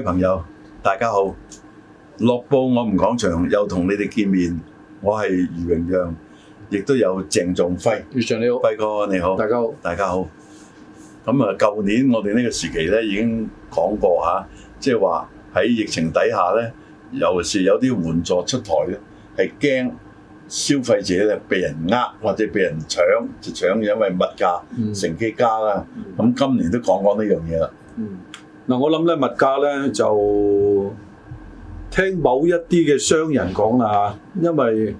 各位朋友，大家好！樂報我唔講場，又同你哋見面，我係余榮陽，亦都有鄭仲輝。余長你好，輝哥你好，大家好，大家好。咁啊，舊年我哋呢個時期咧，已經講過吓，即係話喺疫情底下咧，尤其是有啲援助出台咧，係驚消費者咧被人呃或者被人搶，就搶嘢，因為物價乘機加啦。咁、嗯、今年都講講呢樣嘢啦。嗯嗱，我諗咧物價咧就聽某一啲嘅商人講啦，因為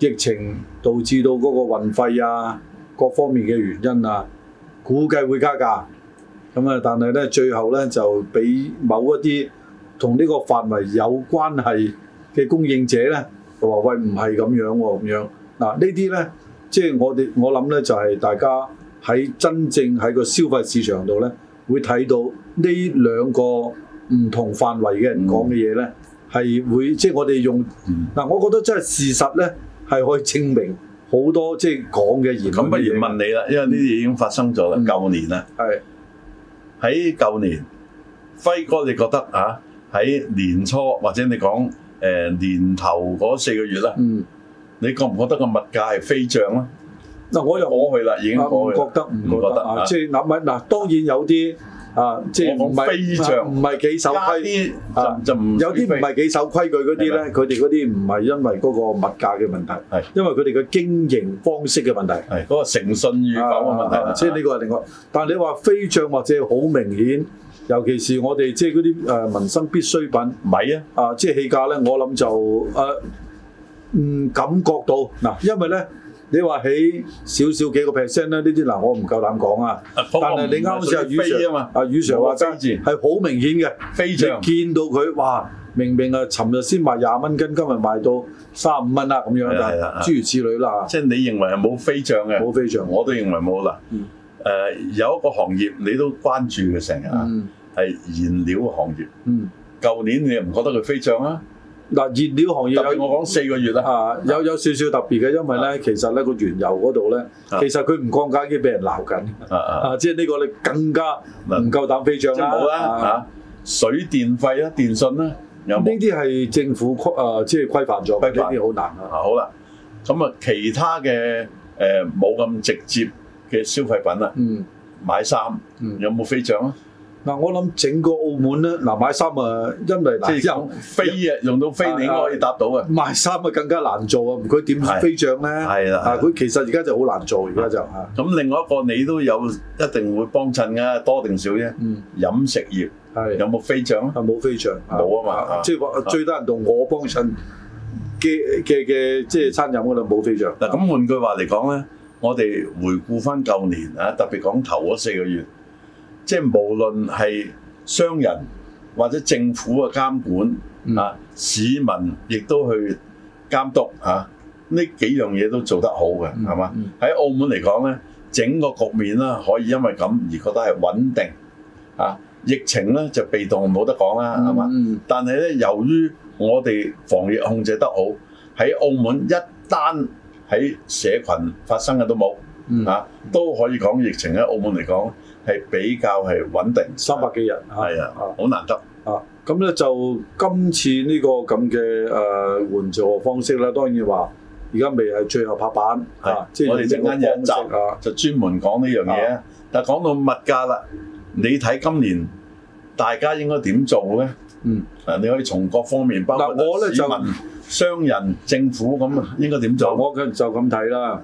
疫情導致到嗰個運費啊各方面嘅原因啊，估計會加價。咁啊，但係咧最後咧就俾某一啲同呢個範圍有關係嘅供應者咧話喂唔係咁樣喎、啊、咁樣。嗱呢啲咧即係我哋我諗咧就係大家喺真正喺個消費市場度咧會睇到。呢兩個唔同範圍嘅人講嘅嘢咧，係會即係我哋用嗱、嗯啊，我覺得真係事實咧，係可以證明好多即係講嘅言論。咁不如問你啦、嗯，因為呢啲已經發生咗啦，舊、嗯、年啦。係喺舊年，輝哥你覺得、啊你呃嗯，你覺得啊？喺年初或者你講誒年頭嗰四個月咧，你覺唔覺得個物價係飛漲咧？嗱、啊，我又過去啦，已經過去了，啊、覺得唔覺得，覺得啊？即係嗱，咪、啊、嗱，當然有啲。啊，即係非常唔係幾守規、啊？有啲唔係幾守規矩嗰啲咧，佢哋嗰啲唔係因為嗰個物價嘅問題，係因為佢哋嘅經營方式嘅問題，係嗰個誠信與否嘅問題，即係呢個係另外。啊、但係你話飛漲或者好明顯，尤其是我哋即係嗰啲民生必需品唔係啊，啊即係起價咧，我諗就、呃嗯、感覺到嗱、啊，因為咧。你話起少少幾個 percent 咧？呢啲嗱，我唔夠膽講啊。但係你啱先話羽翔啊嘛，阿羽翔話真係好明顯嘅飛漲，見到佢哇，明明啊，尋日先賣廿蚊斤，今日賣到三十五蚊啦咁樣，係啊，諸如此類啦。即係你認為係冇飛漲嘅，冇飛漲，我都認為冇啦。誒、嗯呃，有一個行業你都關注嘅成日啊，係燃料行業。嗯，舊年你又唔覺得佢飛漲啊？嗱，燃料行業我講四個月啦嚇、啊，有有少少特別嘅，因為咧其實咧個原油嗰度咧，其實佢唔降價已經俾人鬧緊，啊即係呢個你更加唔夠膽飛漲啦、啊、嚇、啊！水電費啦、啊、電信啦、啊，有冇？呢啲係政府誒即係規範咗，呢啲好難啊，啊！好啦，咁啊其他嘅誒冇咁直接嘅消費品啦、啊，嗯，買衫，有冇飛漲啊？嗯嗯嗱，我諗整個澳門咧，嗱買衫啊，因為嗱有飛啊用，用，用，用到飛，你應該、啊、可以答到啊。賣衫啊，更加難做啊，唔該點飛漲咧？係啦、啊，佢、啊、其實而家就好難做，而家、啊、就咁。啊、另外一個你都有一定會幫襯噶，多定少啫。嗯，飲食業有冇飛漲啊？冇飛漲，冇啊，啊，啊嘛。即係、啊啊啊就是、最多人同我幫襯嘅嘅嘅，即係、啊就是、餐飲嗰度冇飛漲。嗱、啊，咁換、啊、句話嚟講咧，我哋回顧翻舊年啊，特別講頭嗰四個月。即係無論係商人或者政府嘅監管、嗯、啊，市民亦都去監督啊，呢幾樣嘢都做得好嘅，係、嗯、嘛？喺、嗯、澳門嚟講呢，整個局面啦，可以因為咁而覺得係穩定啊。疫情呢就被動冇得講啦，係嘛、嗯？但係呢，由於我哋防疫控制得好，喺澳門一單喺社群發生嘅都冇、嗯、啊，都可以講疫情喺澳門嚟講。係比較係穩定，三百幾人，係啊，好、啊啊、難得啊！咁咧就今次呢個咁嘅誒援助方式咧，當然話而家未係最後拍板，係我哋陣間有講啊，啊一一集就專門講呢樣嘢。但係講到物價啦，你睇今年大家應該點做咧？嗯，啊，你可以從各方面包括市民、嗯、我呢就民、商人、政府咁應該點做？我嘅就咁睇啦。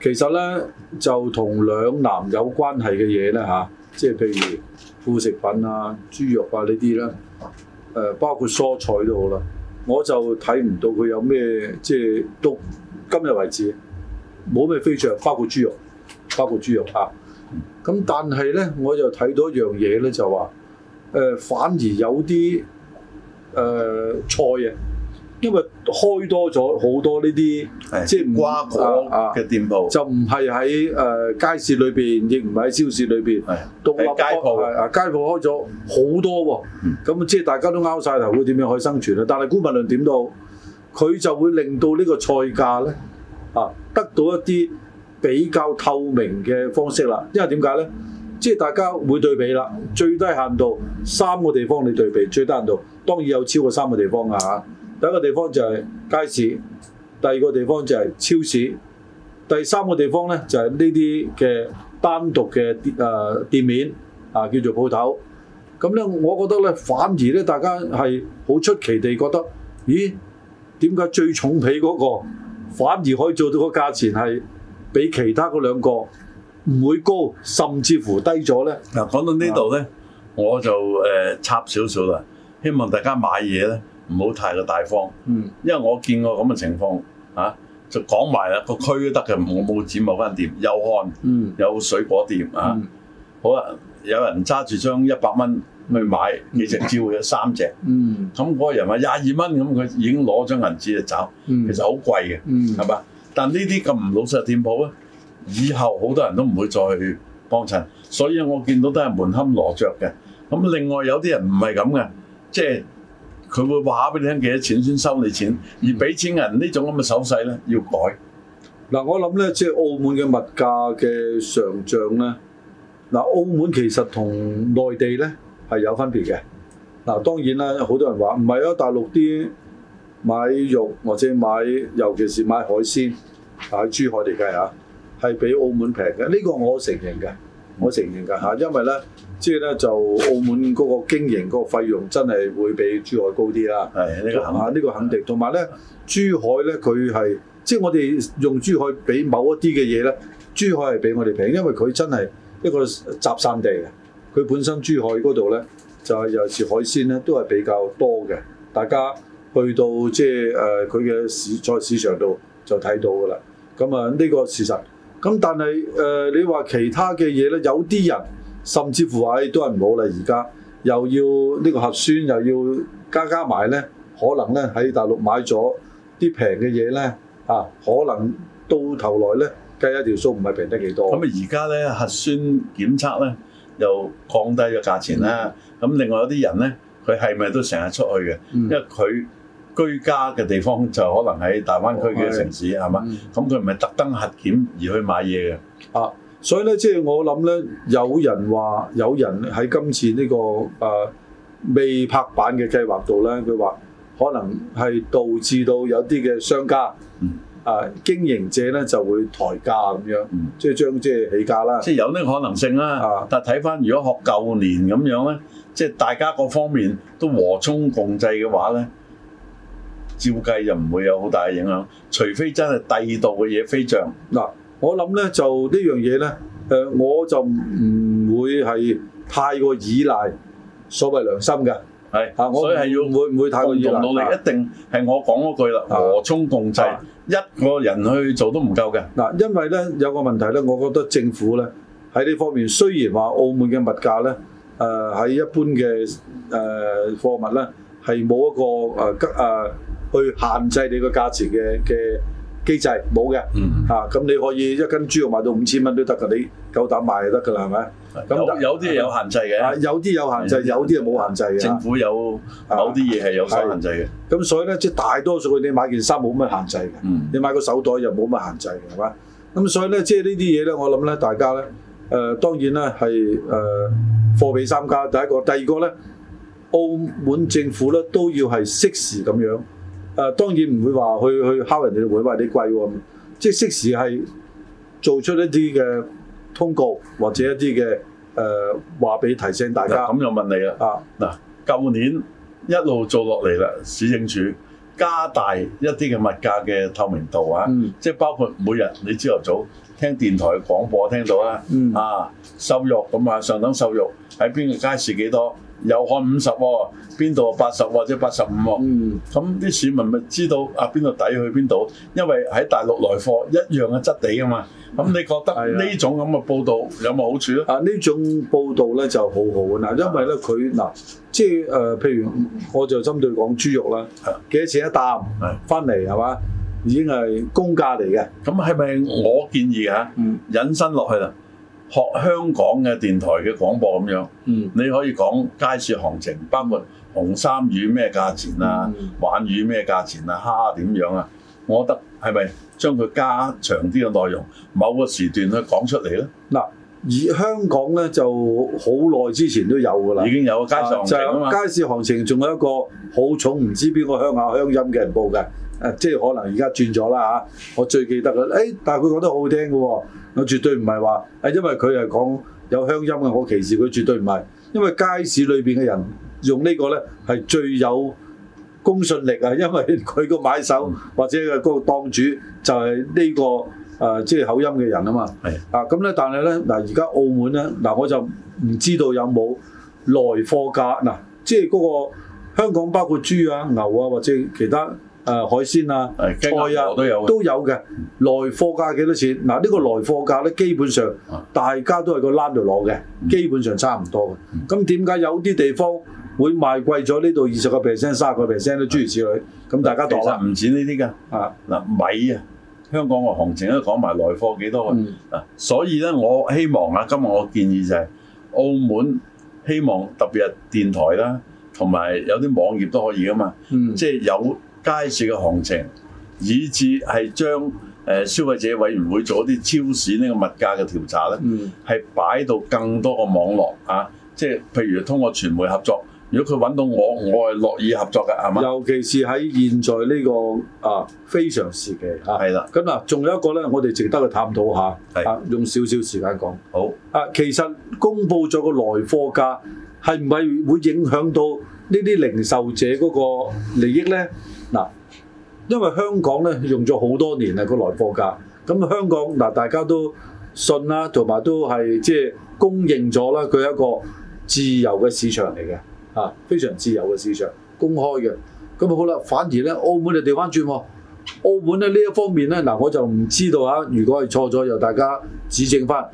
其實咧就同兩男有關係嘅嘢咧吓，即係譬如副食品啊、豬肉啊呢啲啦，誒、呃、包括蔬菜都好啦，我就睇唔到佢有咩即係都今日為止冇咩飛漲包括豬肉，包括豬肉吓，咁、啊、但係咧，我就睇到一樣嘢咧，就話誒、呃、反而有啲誒、呃、菜啊。開多咗好多呢啲即係瓜果嘅店鋪，啊，就唔係喺誒街市裏邊，亦唔係喺超市裏邊，都落街鋪。街鋪開咗好多喎，咁、嗯嗯、即係大家都拗晒頭，會點樣去生存啊？但係供唔量點到，佢就會令到這個呢個菜價咧啊得到一啲比較透明嘅方式啦。因為點解咧？即係大家會對比啦，最低限度三個地方你對比，最低限度當然有超過三個地方噶嚇。啊。第一個地方就係街市，第二個地方就係超市，第三個地方呢就係呢啲嘅單獨嘅店店面啊，叫做鋪頭。咁、嗯、呢，我覺得呢，反而呢，大家係好出奇地覺得，咦？點解最重皮嗰個反而可以做到個價錢係比其他嗰兩個唔會高，甚至乎低咗呢？嗱，講到呢度呢，我就誒、呃、插少少啦，希望大家買嘢呢。唔好太過大方，嗯，因為我見過咁嘅情況嚇、啊，就講埋啦個區都得嘅，我冇指某間店，有行，嗯，有水果店啊，嗯、好啊，有人揸住張一百蚊去買幾隻蕉只會有三隻，嗯，咁、嗯、嗰、那個人話廿二蚊，咁佢已經攞咗銀紙就走，其實好貴嘅，嗯，係嘛，但呢啲咁唔老實店鋪咧，以後好多人都唔會再去幫襯，所以我見到都係門坎攞着嘅，咁另外有啲人唔係咁嘅，即係。佢會話俾你聽幾多錢先收你錢，而俾錢人呢種咁嘅手勢咧要改。嗱，我諗咧，即係澳門嘅物價嘅上漲咧，嗱，澳門其實同內地咧係有分別嘅。嗱，當然啦，有好多人話唔係啊，大陸啲買肉或者買，尤其是買海鮮，喺珠海嚟計吓，係比澳門平嘅。呢個我承認嘅，我承認㗎嚇，因為咧。即係咧，就澳門嗰個經營嗰個費用真係會比珠海高啲啦。係，呢個肯定。同埋咧，珠海咧，佢係即係我哋用珠海比某一啲嘅嘢咧，珠海係比我哋平，因為佢真係一個集散地嘅。佢本身珠海嗰度咧，就係尤其是海鮮咧，都係比較多嘅。大家去到即係誒佢嘅市菜市場度就睇到㗎啦。咁啊，呢個事實。咁但係誒，你話其他嘅嘢咧，有啲人。甚至乎話都係唔好啦，而家又要呢個核酸又要加加埋咧，可能咧喺大陸買咗啲平嘅嘢咧嚇，可能到頭來咧計一條數唔係平得幾多，嗯。咁啊，而家咧核酸檢測咧又降低咗價錢啦。咁、嗯、另外有啲人咧，佢係咪都成日出去嘅、嗯？因為佢居家嘅地方就可能喺大灣區嘅城市係嘛。咁佢唔係特登核檢而去買嘢嘅。啊！所以咧，即係我諗咧，有人話有人喺今次呢、這個、呃、未拍板嘅計劃度咧，佢話可能係導致到有啲嘅商家、嗯、啊經營者咧就會抬價咁樣、嗯嗯、樣，即係將即係起價啦。即係有呢個可能性啦。但係睇翻如果學舊年咁樣咧，即係大家各方面都和衷共濟嘅話咧，照計又唔會有好大嘅影響。除非真係第二度嘅嘢飛漲。嗱、啊。我諗咧就這呢樣嘢咧，誒、呃、我就唔會係太過依賴所謂良心㗎。係，啊，我係要唔會唔會太過依賴。用力一定係我講嗰句啦，和衷共濟，一個人去做都唔夠嘅。嗱、啊，因為咧有個問題咧，我覺得政府咧喺呢在這方面雖然話澳門嘅物價咧，誒、呃、喺一般嘅誒、呃、貨物咧係冇一個誒吉、呃呃、去限制你個價錢嘅嘅。機制冇嘅，嚇咁、嗯啊、你可以一斤豬肉賣到五千蚊都得㗎，你夠膽賣就得㗎啦，係咪？咁有啲啲有，有限制嘅、啊，有啲有限制，有啲啊冇限制嘅。政府有某啲嘢係有限制嘅，咁所以咧，即係大多數你買件衫冇乜限制嘅、嗯，你買個手袋又冇乜限制，係嘛？咁所以咧，即係呢啲嘢咧，我諗咧，大家咧，誒、呃、當然咧係誒貨比三家第一個，第二個咧，澳門政府咧都要係適時咁樣。誒、呃、當然唔會話去去敲人哋會話你貴喎，即係即時係做出一啲嘅通告或者一啲嘅誒話俾提醒大家。咁、啊、又問你啊？嗱、啊，舊年一路做落嚟啦，市政署加大一啲嘅物價嘅透明度啊，嗯、即係包括每日你朝頭早聽電台嘅廣播、啊、聽到啊，嗯、啊瘦肉咁啊，上等瘦肉喺邊個街市幾多？有看五十喎，邊度八十或者八十五喎？嗯，咁啲市民咪知道啊邊度抵去邊度？因為喺大陸來貨一樣嘅質地啊嘛。咁、嗯、你覺得呢種咁嘅報導有冇好處啊？啊，呢種報導咧就好好啊！嗱、呃，因為咧佢嗱，即係誒、呃，譬如我就針對講豬肉啦，幾多錢一擔？係翻嚟係嘛，已經係公價嚟嘅。咁係咪我建議嘅、啊？嗯，引申落去啦。學香港嘅電台嘅廣播咁樣、嗯，你可以講街市行情，包括紅衫魚咩價錢啊，鯇、嗯、魚咩價錢啊，蝦點樣啊？我覺得係咪將佢加長啲嘅內容，某個時段去講出嚟咧？嗱，而香港咧就好耐之前都有㗎啦，已經有個街市行情啊嘛！就街市行情仲有一個好重唔知邊個鄉下鄉音嘅人報嘅。誒、啊，即係可能而家轉咗啦嚇，我最記得啦。誒、哎，但係佢講得好好聽嘅喎，我絕對唔係話，誒，因為佢係講有鄉音嘅，我歧視佢絕對唔係，因為街市裏邊嘅人用這個呢個咧係最有公信力啊，因為佢個買手、嗯、或者個檔主就係呢、這個誒，即、啊、係、就是、口音嘅人啊嘛。係啊，咁咧，但係咧嗱，而家澳門咧嗱、啊，我就唔知道有冇來貨價嗱、啊，即係嗰、那個香港包括豬啊、牛啊或者其他。誒、啊、海鮮啊，雞啊有都有嘅。來貨價幾多錢？嗱、啊，呢、這個來貨價咧，基本上大家都係個欄度攞嘅，基本上差唔多嘅。咁點解有啲地方會賣貴咗？呢度二十個 percent、三十個 percent 都諸如此類。咁、啊、大家擋唔止呢啲㗎。啊嗱、啊，米啊，香港嘅行情都講埋來貨幾多㗎、嗯。啊，所以咧，我希望啊，今日我建議就係、是、澳門希望特別係電台啦，同埋有啲網頁都可以㗎嘛。嗯、即係有。街市嘅行情，以至係將誒消費者委員會做一啲超市呢個物價嘅調查咧，嗯，係擺到更多個網絡啊，即係譬如通過傳媒合作。如果佢搵到我，我係樂意合作嘅，係嘛？尤其是喺現在呢個啊非常時期啊，係啦。咁啊，仲有一個咧，我哋值得去探討下，啊，用少少時間講好啊。其實公布咗個來貨價，係唔係會影響到呢啲零售者嗰個利益咧？嗱，因為香港咧用咗好多年啦個來貨價，咁香港嗱大家都信啦，同埋都係即係公認咗啦，佢係一個自由嘅市場嚟嘅，啊非常自由嘅市場，公開嘅，咁啊好啦，反而咧澳門就掉翻轉喎，澳門咧呢一方面咧嗱我就唔知道啊，如果係錯咗，又大家指正翻，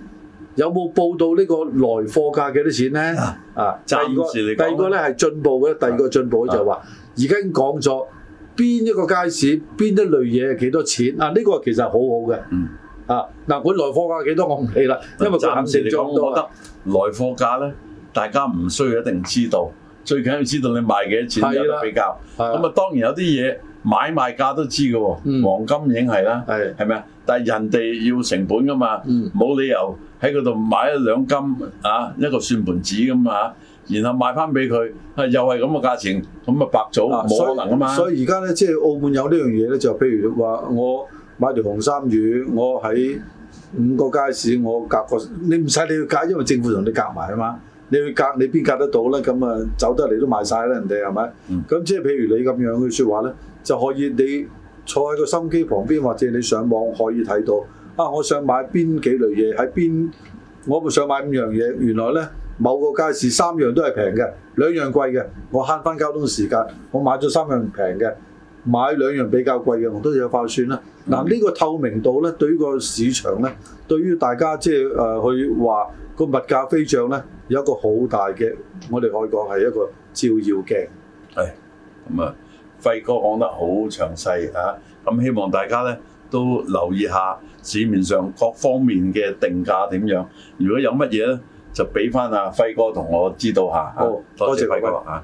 有冇報道呢個來貨價幾多錢咧？啊，啊第一，第二個第二個咧係進步嘅、啊，第二個進步就話而家講咗。啊邊一個街市，邊一類嘢幾多錢？啊，呢、呢個其實好好嘅。嗯。啊，嗱，本來貨價幾多我唔理啦，因為暫時嚟講，我覺得來貨價咧，大家唔需要一定知道，最緊要知道你賣幾多錢比較。咁啊，當然有啲嘢買賣價都知㗎喎、嗯，黃金已經係啦，係咪啊？但係人哋要成本㗎嘛，冇、嗯、理由喺嗰度買一兩金啊，一個算盤紙㗎嘛。然後賣翻俾佢，又係咁嘅價錢，咁啊白做，冇可能噶嘛、啊。所以而家咧，即係澳門有呢樣嘢咧，就譬如話，我買條紅衫魚，我喺五個街市，我隔個，你唔使你去隔，因為政府同你隔埋啊嘛。你去隔，你邊隔得到咧？咁啊，走得嚟都賣晒啦，人哋係咪？咁即係譬如你咁樣嘅說話咧，就可以你坐喺個心機旁邊，或者你上網可以睇到。啊，我想買邊幾類嘢喺邊？我唔想買五樣嘢，原來咧。某個街市三樣都係平嘅，兩樣貴嘅，我慳翻交通時間，我買咗三樣平嘅，買兩樣比較貴嘅，我都有化算啦。嗱、啊，呢、這個透明度呢，對於個市場呢，對於大家即係去話個物價飛漲呢，有一個好大嘅，我哋可以講係一個照妖鏡。係、哎，咁啊，輝哥講得好詳細啊，咁希望大家呢，都留意一下市面上各方面嘅定價點樣，如果有乜嘢咧？就俾返阿輝哥同我知道下好，多謝輝哥吓。